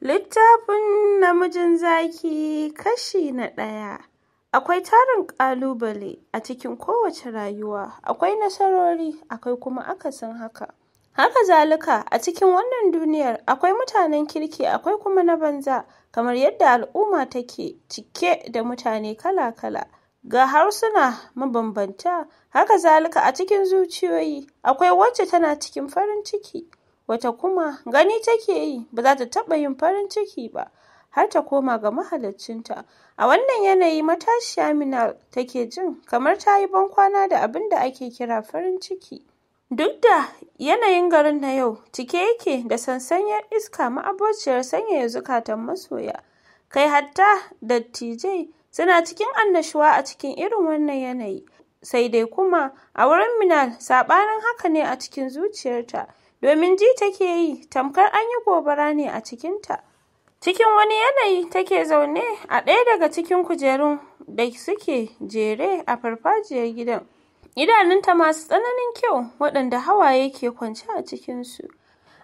Littafin Namijin Zaki Kashi na ɗaya Akwai tarin ƙalubale a cikin kowace rayuwa, akwai nasarori, akwai kuma akasin haka. Haka zalika a cikin wannan duniyar akwai mutanen kirki akwai kuma na banza, kamar yadda al'umma take cike da mutane kala-kala. Ga harsuna mabambanta, haka zalika a cikin zuciyoyi akwai wacce tana cikin farin ciki, wata kuma gani take yi ba za ta taɓa yin farin ciki ba har ta koma ga mahaliccinta a wannan yanayi matashiya minal take jin kamar ta yi bankwana da abin da ake kira farin ciki duk da yanayin garin na yau cike yake da sansanyar iska ma'abociyar sanyaya zukatan masoya kai hatta dattijai suna cikin annashuwa a cikin irin wannan yanayi sai dai kuma a wurin minal saɓanin haka ne a cikin zuciyarta domin ji take yi tamkar an yi gobara ne a cikinta. Cikin wani yanayi take zaune a ɗaya daga cikin kujerun da suke jere a farfajiyar gidan. Idanunta masu tsananin kyau waɗanda hawaye ke kwance a cikinsu.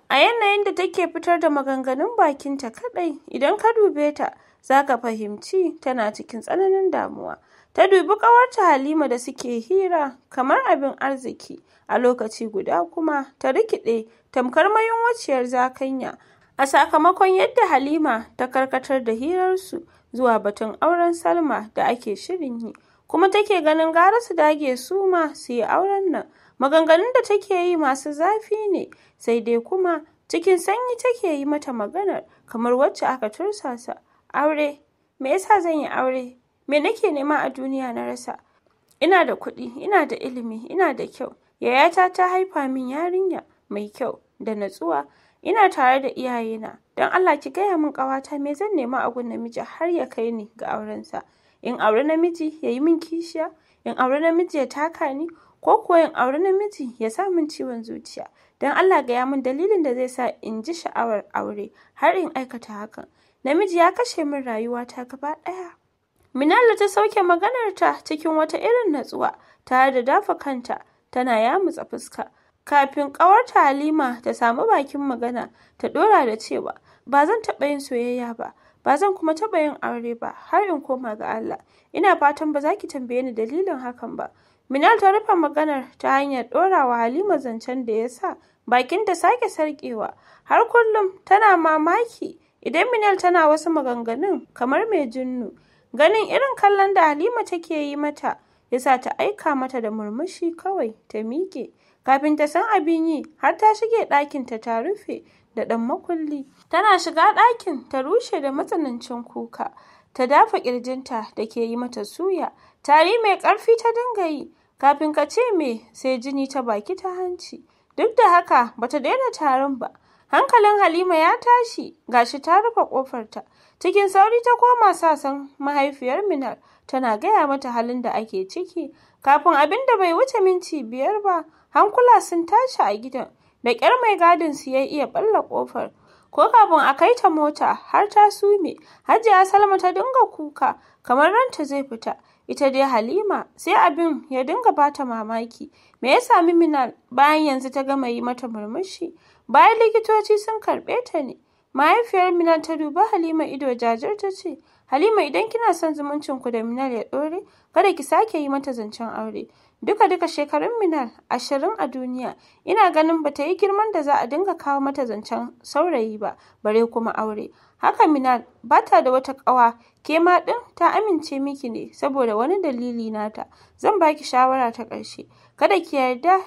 A yanayin da take fitar da maganganun bakinta kaɗai idan ka dube ta za ka fahimci tana cikin tsananin damuwa. Ta dubi ƙawarta Halima da suke hira kamar abin arziki, a lokaci guda kuma ta rikide tamkar mayun mayunwaciyar zakanya a sakamakon yadda Halima ta karkatar da hirarsu zuwa batun auren Salma da ake shirin yi, kuma take ganin gara su dage su ma su yi auren nan. Maganganun da take yi masu zafi ne, sai dai kuma cikin sanyi take yi mata maganar kamar wacce aka tursasa. Aure, me yasa zan yi aure? Me nake nema a duniya na rasa? Ina da kuɗi, ina da ilimi, ina da kyau. Yayata ta haifa min yarinya mai kyau da natsuwa. Ina tare da iyayena. Don Allah ki gaya min ƙawata me zan nema a gun namiji har ya kai ni ga aurensa. In aure namiji ya yi min kishiya, in aure namiji ya taka ni, ko kuwa in aure namiji ya sa min ciwon zuciya. Don Allah gaya min dalilin da zai sa in ji sha'awar aure har in aikata hakan. Namiji ya kashe min rayuwata gaba ɗaya. Minalla ta sauke maganarta cikin wata irin natsuwa tare da dafa kanta tana yamutsa fuska. Kafin ta Halima ta samu bakin magana ta dora da cewa ba zan taɓa yin soyayya ba, ba zan kuma taɓa yin aure ba har in koma ga Allah. Ina fatan ba za ki tambaye ni dalilin hakan ba. Minal ta rufe maganar ta hanyar ɗorawa Halima zancen da ya sa bakin ta sake sarƙewa. Har kullum tana mamaki idan Minal tana wasu maganganun kamar mai jinnu. Ganin irin kallon da Halima take yi mata, ya sa ta aika mata da murmushi kawai ta miƙe. Kafin ta san abin yi, har ta shige ɗakinta ta rufe da ɗan makulli. Tana shiga ɗakin ta rushe da matsanancin kuka, ta dafa ƙirjinta da ke yi mata suya. Tari mai ƙarfi ta dinga yi, kafin ka ce me sai jini ta baki ta hanci. Duk da haka bata daina tarin ba. Hankalin Halima ya tashi, gashi ta rufe ƙofarta. Cikin sauri ta koma sasan mahaifiyar Minal tana gaya mata halin da ake ciki. Kafin abin da bai wuce minti biyar ba, hankula sun tashi a gidan. Da ƙyar mai gadin su ya iya balla ƙofar. Ko kafin a kai ta mota har ta sume, Hajiya Salma ta dinga kuka kamar ranta zai fita. Ita dai Halima sai abin ya dinga bata mamaki. Me ya sami Minal bayan yanzu ta gama yi mata murmushi? Bayan likitoci sun karɓe ta ne. Mahaifiyar Minal ta duba Halima ido jajir ta ce, Halima idan kina son zumuncin ku da Minal ya ɗore, kada ki sake yi mata zancen aure. Duka duka shekarun Minal ashirin a duniya, ina ganin bata yi girman da za a dinga kawo mata zancen saurayi ba, bare kuma aure. Haka Minal ba ta da wata ƙawa, ke ma ɗin ta amince miki ne saboda wani dalili nata. Zan baki shawara ta ƙarshe, kada ki yarda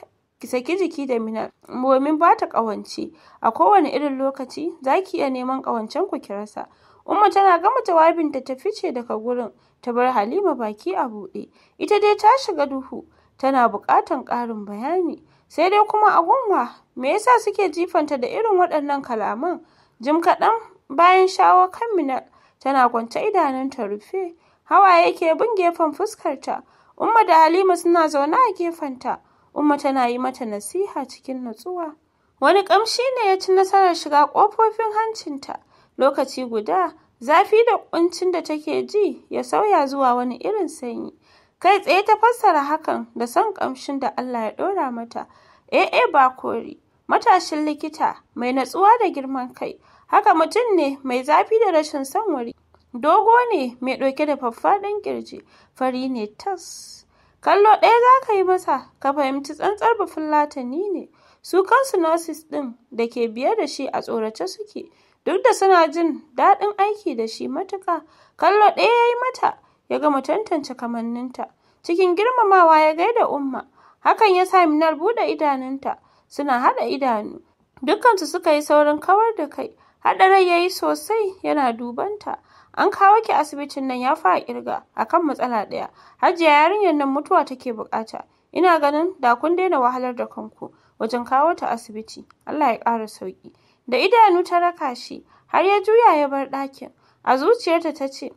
ki saki jiki da minar domin ba ta ƙawance a kowane irin lokaci za ki iya neman ƙawancen ku ki rasa umma tana gama jawabin ta fice daga gurin ta bar halima baki a buɗe ita dai ta shiga duhu tana buƙatan ƙarin bayani sai dai kuma a gunwa me yasa suke jifanta da irin waɗannan kalaman jim kaɗan bayan shawo kan minar tana kwance idanun ta rufe hawa yake bin gefen fuskarta umma da halima suna zaune a gefenta Umma tana yi mata nasiha cikin natsuwa. Wani ƙamshi ne ya ci nasarar shiga ƙofofin hancinta. Lokaci guda, zafi da ƙuncin da take ji ya sauya zuwa wani irin sanyi. Kai tsaye ta fassara hakan da son ƙamshin da Allah ya ɗora mata. E, eh, eh, ba kori. matashin likita, mai natsuwa da girman kai. Haka mutum ne mai zafi da rashin son wuri. Dogo ne mai ɗauke da faffaɗan ƙirji, fari ne tas. kallo ɗaya za ka yi masa ka fahimci tsantsar latani ne su kansu nurses ɗin da ke biye da shi a tsorace suke duk da suna jin daɗin aiki da shi matuka kallo ɗaya ya yi mata ya gama tantance kamanninta cikin girmamawa ya gaida umma hakan ya sa minar buɗe idanunta suna haɗa idanu dukkansu suka yi saurin kawar da kai haɗa rai ya yi sosai yana dubanta an kawo ki asibitin nan ya fara kirga akan matsala ɗaya hajiya yarinyar nan mutuwa take bukata ina ganin da kun daina wahalar da kanku wajen kawo ta asibiti Allah ya ƙara sauki da idanu ta raka shi har ya juya ya bar ɗakin a zuciyarta ta ce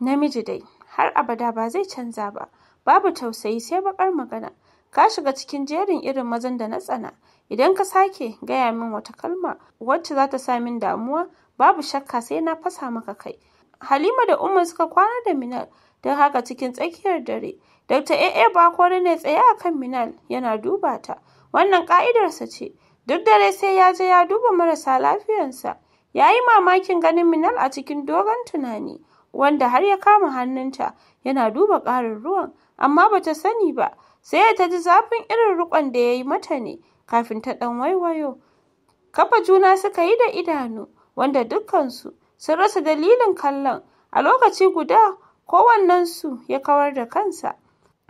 namiji dai har abada ba zai canza ba babu tausayi sai bakar magana ka shiga cikin jerin irin mazan da na tsana idan ka sake gaya min wata kalma wacce za ta sa min damuwa babu shakka sai na fasa maka kai Halima da Umar suka kwana da Minal don haka cikin tsakiyar dare Dr. AA Bakori ne tsaye a kan Minal yana duba ta. Wannan ƙa'idarsa ce, duk dare sai ya je ya duba marasa lafiyansa. Ya yi mamakin ganin Minal a cikin dogon tunani, wanda har ya kama hannunta yana duba ƙarin ruwan, amma ba ta sani ba, sai ta ji zafin irin rukon da ya yi mata ne kafin ta ɗan waiwayo. Kafa juna suka yi da idanu, wanda dukkansu sun rasa dalilin kallon a lokaci guda kowannensu ya kawar da kansa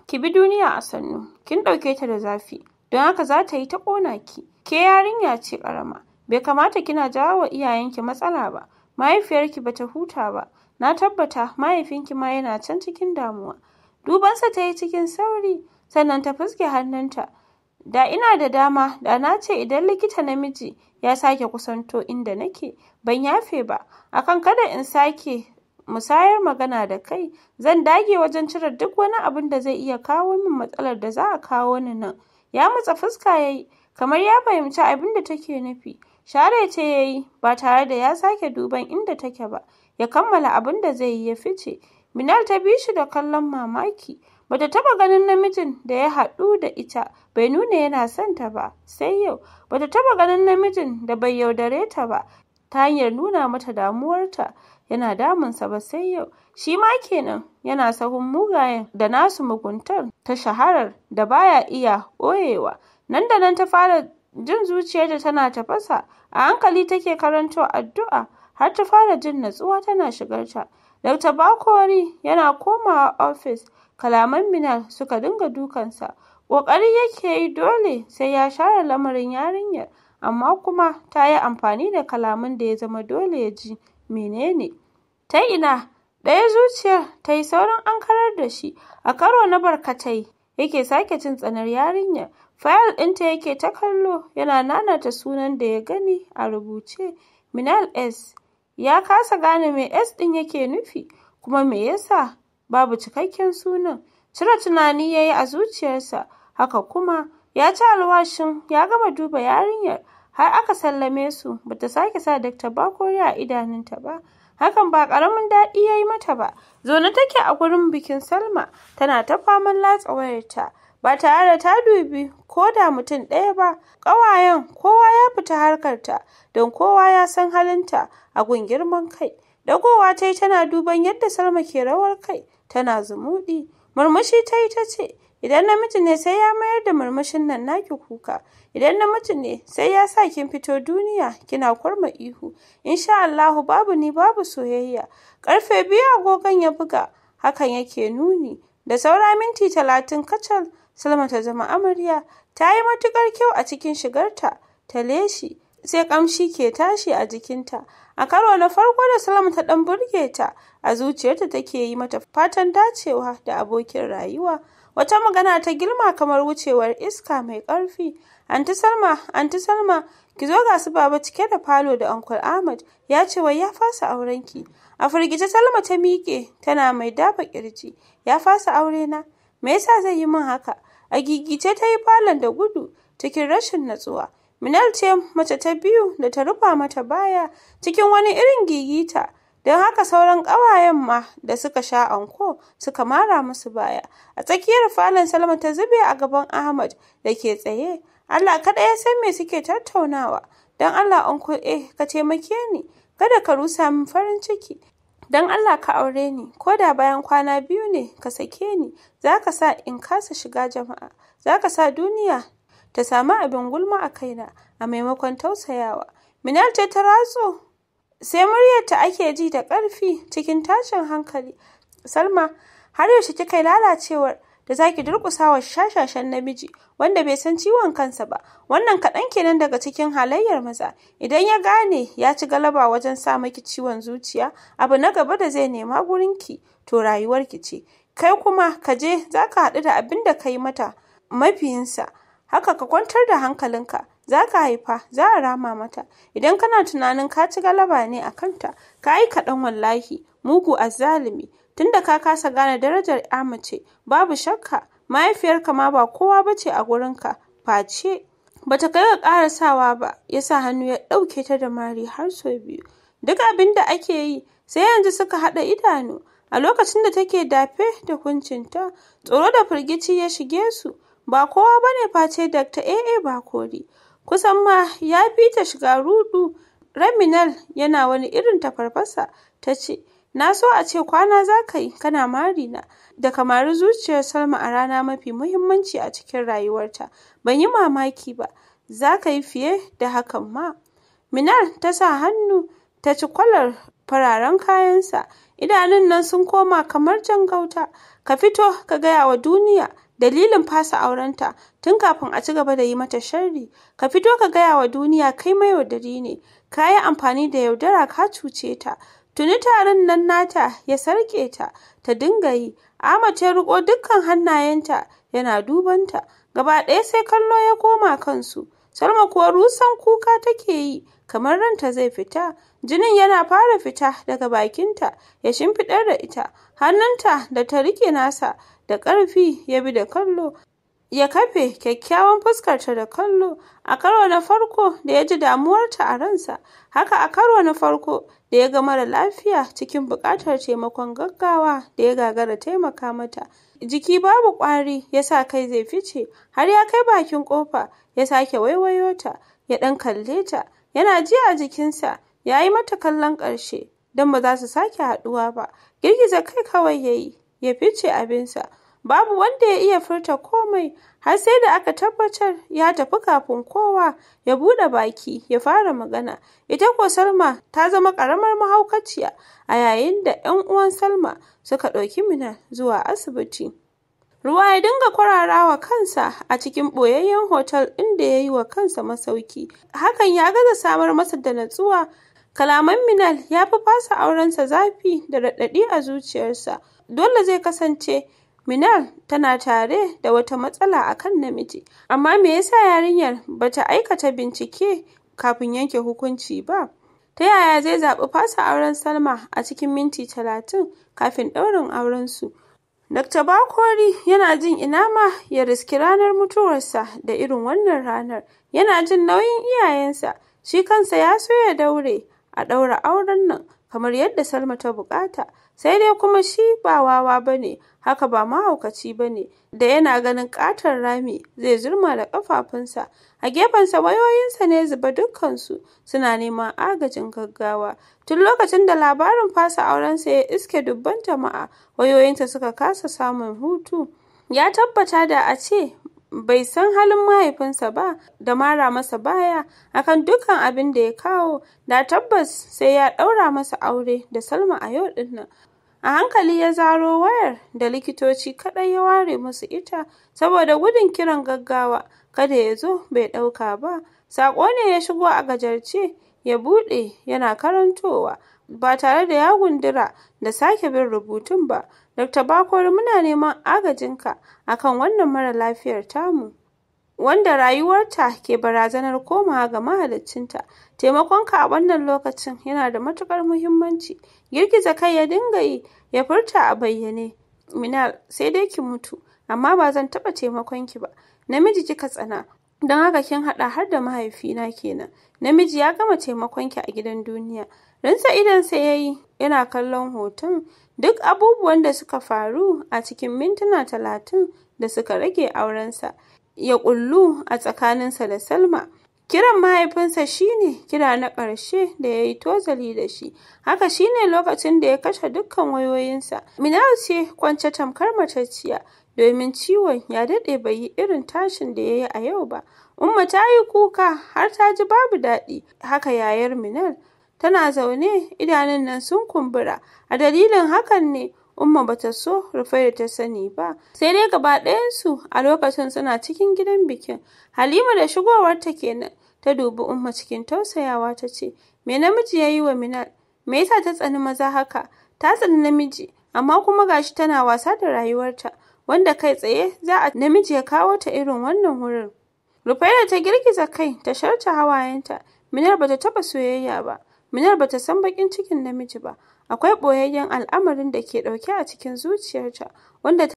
ki bi duniya a sannu kin ɗauke ta da zafi don haka za ta yi ta ƙona ki ke yarinya ce ƙarama bai kamata kina jawo wa iyayenki matsala ba mahaifiyarki bata huta ba na tabbata mahaifinki ma yana can cikin damuwa dubansa ta yi cikin sauri sannan ta fuske hannunta Da ina da dama da na ce idan likita namiji ya sake kusanto inda nake ban yafe ba akan kada in sake musayar magana da kai zan dage wajen cire duk wani abin da zai iya kawo min matsalar da za a kawo ni nan ya matsa fuska ya yi, kamar ya fahimci abin da take nufi share ce ya yi, ba tare da ya sake duban inda take ba ya kammala abin da zai yi ya fice Minal ta bi shi da kallon mamaki Bata taba ganin namijin da ya haɗu da ita bai nuna yana son ta ba sai yau. Bata taba ganin namijin da bai yaudare ta ba ta hanyar nuna mata damuwarta yana damunsa ba sai yau. Shi ma kenan yana sahun mugayen da nasu muguntar ta shaharar da baya iya ɓoyewa. Nan da nan ta fara jin zuciyar da tana tafasa a hankali take karanto addu'a har ta fara jin natsuwa tana shigarta. Dr. Bakori yana komawa ofis Kalaman Minna suka dinga dukansa, ƙoƙari yake yi dole sai ya share lamarin yarinyar, amma kuma ta yi amfani da kalaman da ya zama dole ya ji menene, ta ina, ɗaya zuciyar ta yi saurin ankarar da shi, a karo na barkatai yake sake cin tsanar yarinyar, fayil ɗinta yake ta kallo yana nanata sunan da ya gani a rubuce, Minal S. Ya kasa gane me S ɗin yake nufi, kuma me yasa babu cikakken sunan. Cire tunani ya yi a zuciyarsa, haka kuma ya ci alwashin ya gama duba yarinyar har aka sallame su bata sake sa Dr. Bakori a idanunta ba. Hakan ba ƙaramin daɗi ya yi mata ba. Zo Zaune take a gurin bikin Salma tana ta faman latsa wayarta. ba tare da ta dubi ko da mutum ɗaya ba ƙawayen kowa ya fita harkarta don kowa ya san halinta a gungirman kai dagowa ta yi tana duban yadda salma ke rawar kai tana zumudi. Murmushi ta yi ta ce, Idan namiji ne sai ya mayar da murmushin nan naki kuka, idan namiji ne sai ya sa kin fito duniya kina kurma ihu, insha Allahu babu ni babu soyayya. Karfe biyu agogon ya buga, hakan yake nuni, da saura minti talatin kacal Salma ta zama amarya, ta yi matukar kyau a cikin shigarta, ta leshi, sai kamshi ke tashi a jikinta. a karo na farko da salma ta dan burge ta a zuciyarta take yi mata fatan dacewa da abokin rayuwa wata magana ta girma kamar wucewar iska mai ƙarfi anti salma anti salma ki zo ga su baba cike da falo da uncle ahmad ya ce wai ya fasa aurenki a firgice salma ta miƙe tana mai dafa kirji ya fasa aure na me yasa zai yi min haka a gigice ta yi falon da gudu cikin rashin natsuwa Minal ce mace ta biyu da ta rufa mata baya cikin wani irin gigita, don haka sauran ƙawayen ma da suka sha anko suka mara musu baya. A tsakiyar falon Salma ta zube a gaban Ahmad da ke tsaye. Allah kaɗai ya san me suke tattaunawa. Don Allah anko eh ka taimake ni, kada ka rusa min farin ciki. Don Allah ka aure ni, ko da bayan kwana biyu ne ka sake ni, za ka sa in kasa shiga jama'a, za ka sa duniya ta samu abin gulma a kaina a maimakon tausayawa minal ce ta ratso sai muryarta ake ji da ƙarfi cikin tashin hankali salma har yaushe kika lalacewar da zaki durƙusa wa shashashen namiji wanda bai san ciwon kansa ba wannan kaɗan kenan daga cikin halayyar maza idan ya gane ya ci galaba wajen sa maki ciwon zuciya abu na gaba da zai nema ki, to rayuwarki ce kai kuma ka je za ka haɗu da abin da ka yi mata mafiyinsa haka ka kwantar da hankalinka za ka haifa za a rama mata idan kana tunanin ka ci galaba ne a kanta ka yi kaɗan wallahi mugu azzalumi tunda ka kasa gane darajar amace babu shakka mahaifiyarka ma ba kowa ba ce a gurinka face bata kai ga sawa ba yasa hannu ya ɗauke ta da mari har sau biyu duk abin da ake yi sai yanzu suka haɗa idanu a lokacin da take dafe da kuncinta tsoro da firgici ya shige su Ba kowa ba ne face Dr. A.A. Bakori, kusan ma ya fi ta shiga rudu. Raminal yana wani irin tafarfasa, ta ce, Na so a ce kwana za ka yi, kana mari na, da ka zuciyar Salma a rana mafi muhimmanci a cikin rayuwarta. Ban yi mamaki ba, za ka yi fiye da hakan ma. minal ta sa hannu ta ci kwalar fararen kayansa, idanun nan sun koma kamar jan gauta. Ka fito ka gaya wa duniya dalilin fasa aurenta tun kafin a ci gaba da yi mata sharri. Ka fito ka gaya wa duniya kai mai yaudari ne, ka yi amfani da yaudara ka cuce ta. Tuni taron nan nata ya sarƙe ta, ta dinga yi. Ahmad ya riƙo dukkan hannayenta yana dubanta. Gaba ɗaya sai kallo ya koma kansu. Salma kuwa rusan kuka take yi kamar ranta zai fita. Jinin yana fara fita daga bakinta ya shimfidar da ita. Hannunta da ta rike nasa da ƙarfi ya bi da kallo. Ya kafe kyakkyawan fuskarta da kallo a karo na farko da ya ji damuwarta a ransa, haka a karo na farko da ya ga mara lafiya cikin buƙatar taimakon gaggawa da ya gagara taimaka mata. jiki babu ƙwari ya sa kai zai fice har ya kai bakin ƙofa ya sake waiwayo ta ya ɗan kalle ta yana ji a jikinsa ya yi mata kallon ƙarshe don ba za su sake haɗuwa ba girgiza kai kawai ya yi ya fice abinsa Babu wanda ya iya furta komai har sai da aka tabbatar ya tafi kafin kowa ya bude baki ya fara magana. Ita ko Salma ta zama karamar mahaukaciya a yayin da ‘yan uwan Salma suka ɗauki Mina zuwa asibiti. Ruwa ya dinga kwararawa kansa a cikin ɓoyayyen hotel inda ya yi wa kansa masauki. Hakan ya gaza samar masa da natsuwa. Kalaman Minal ya fi fasa aurensa zafi da raɗaɗi a zuciyarsa. Dole zai kasance Minal tana tare da wata matsala a kan namiji, amma me yasa yarinyar ba ta aikata bincike kafin yanke hukunci ba? Ta yaya zai zaɓi fasa auren Salma a cikin minti talatin kafin ɗaurin aurensu? Dr. Bakori yana jin ina ma ya riski ranar mutuwarsa da irin wannan ranar. Yana jin nauyin iyayensa, shi kansa ya so ya daure a ɗaura auren nan, kamar yadda Salma ta bukata sai dai kuma shi ba wawa bane haka ba mahaukaci bane da yana ganin katon rami zai zurma da kafafunsa a gefensa wayoyinsa ne zuba dukkansu suna neman agajin gaggawa tun lokacin da labarin fasa aurensa ya iske dubban jama'a wayoyinta suka kasa samun hutu ya tabbata da a ce bai san halin mahaifinsa ba da mara masa baya akan dukkan abin da ya kawo da tabbas sai ya ɗaura masa aure da Salma a yau dinnan. A hankali ya zaro wayar da likitoci kaɗai ya ware musu ita saboda gudun kiran gaggawa kada ya zo bai ɗauka ba. Saƙo ne ya shigo a gajarce ya buɗe yana karantowa. ba tare da ya gundura da sake bin rubutun ba. Dr. Bakori muna neman agajinka akan wannan mara lafiyar tamu. Wanda rayuwarta ke barazanar komawa ga mahaliccinta, taimakonka a wannan lokacin yana da matukar muhimmanci. Girgiza kai ya dinga yi, ya furta a bayyane. Minal, sai dai ki mutu, amma ba zan taɓa taimakonki ba. Namiji kika tsana, Don haka kin haɗa har da mahaifina kenan. Namiji ya gama taimakon ki a gidan duniya. Rinsa idan sai yayi yana kallon hoton duk abubuwan da suka faru a cikin mintuna talatin da suka rage aurensa. Ya kullu a tsakaninsa da Salma. Kiran mahaifinsa shine kira na ƙarshe da ya yi tozali da shi, haka shine lokacin da ya kashe dukkan wayoyinsa. Minal ce kwance tamkar matacciya, domin ciwon ya dade bai yi irin tashin da ya yi a yau ba. Umma ta yi kuka har ta ji babu daɗi, haka yayar Minal tana zaune idanun nan sun kumbura. A dalilin hakan ne Umma bata so rufe da ta sani ba, sai dai gaba ɗayansu a lokacin suna cikin gidan bikin. Halima da shigowarta kenan ta dubi Umma cikin tausayawa ta ce, Me namiji ya yi wa Minal? Me yasa ta tsani maza haka? Ta tsani namiji, amma kuma gashi tana wasa da rayuwarta. wanda kai tsaye za a namiji ya kawo ta irin wannan wurin. da ta girgiza kai ta sharta hawayenta. Minar bata taba soyayya ba. Minar bata san bakin cikin namiji ba. Akwai ɓoyayyen al'amarin da ke ɗauke a cikin zuciyarta wanda